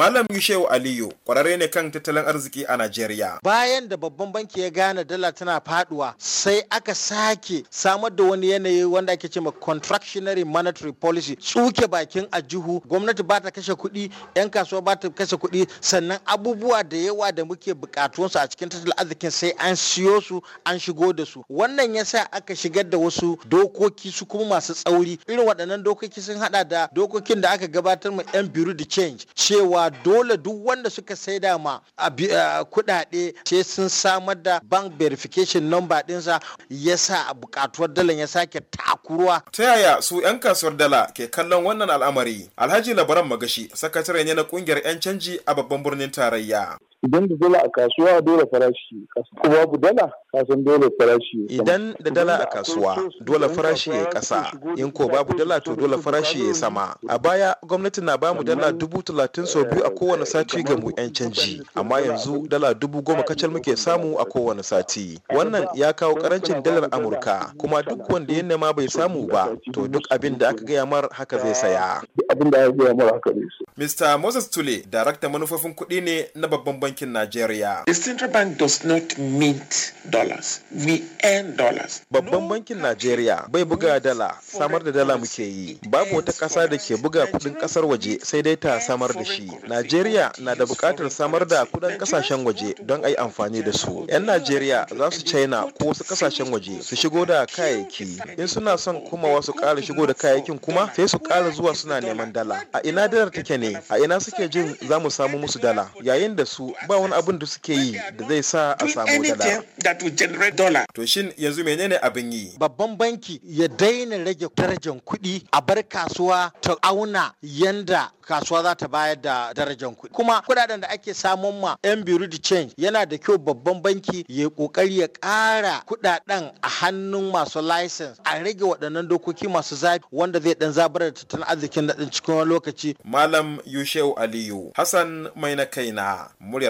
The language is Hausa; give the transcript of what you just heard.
Malam Yushewu Aliyu kwararre ne kan tattalin arziki a Najeriya. Bayan da babban banki ya gane dala tana faduwa sai aka sake samar da wani yanayi wanda ake cewa contractionary monetary policy tsuke bakin a jihu gwamnati ba ta kashe kuɗi yan kasuwa ba ta kashe kuɗi sannan abubuwa da yawa da muke bukatuwansu a cikin tattalin arzikin sai an siyo su an shigo da su wannan ya sa aka shigar da wasu dokoki su kuma masu tsauri irin waɗannan dokoki sun haɗa da dokokin da aka gabatar ma yan biru da change cewa dole duk wanda suka saida ma kudade ce sun samar da bank verification number dinsa ya sa bukatuwar dalan ya sake takuruwa. Ta yaya su 'yan kasuwar dala ke kallon wannan al'amari? Alhaji Labaran Magashi, sakatare ne na kungiyar 'yan canji a babban birnin tarayya. idan da dala a kasuwa dole farashi ko babu dala kasan dole farashi idan da dala a kasuwa dole farashi ya kasa in ko babu dala to dole farashi ya sama a baya gwamnati na bamu dala dubu talatin sau biyu a eh, kowane eh, sati ga mu yan canji amma yanzu dala dubu goma kacal muke samu a kowane sati wannan ya kawo karancin dalar amurka kuma duk wanda ya nema bai samu ba to eh, duk abin da aka gaya mar haka zai saya abin da aka gaya mar haka zai Mr. Moses Tule, daraktan manufofin kuɗi ne na babban Bankin Najeriya. The Central Bank does not mint dollars. We earn dollars. Babban Bankin Najeriya bai buga dala, samar da dala muke yi. Babu wata ƙasa da ke buga kuɗin ƙasar waje sai dai ta samar da shi. Najeriya na da buƙatar samar da kuɗin ƙasashen waje don a yi amfani da su. 'Yan Najeriya za su China ko wasu ƙasashen waje su shigo da kayayyaki. In suna son kuma wasu ƙara shigo da kayayyakin kuma sai su ƙara zuwa suna neman dala. A ina dalar take ne? A ina suke jin za mu samu musu dala? Yayin da su ba wani abin da suke yi da zai sa a samu dala. To shin yanzu menene abin yi? Babban banki ya daina rage darajar kuɗi a bar kasuwa ta auna yanda kasuwa za ta bayar da darajar kuɗi. Kuma kuɗaɗen da ake samun ma 'yan biyu change yana da kyau babban banki ya ƙoƙari ya ƙara kuɗaɗen a hannun masu license a rage waɗannan dokoki masu zafi wanda zai ɗan zabar da tattalin arzikin daɗin cikin wani lokaci. Malam Yushew Aliyu Hassan Mai na kaina murya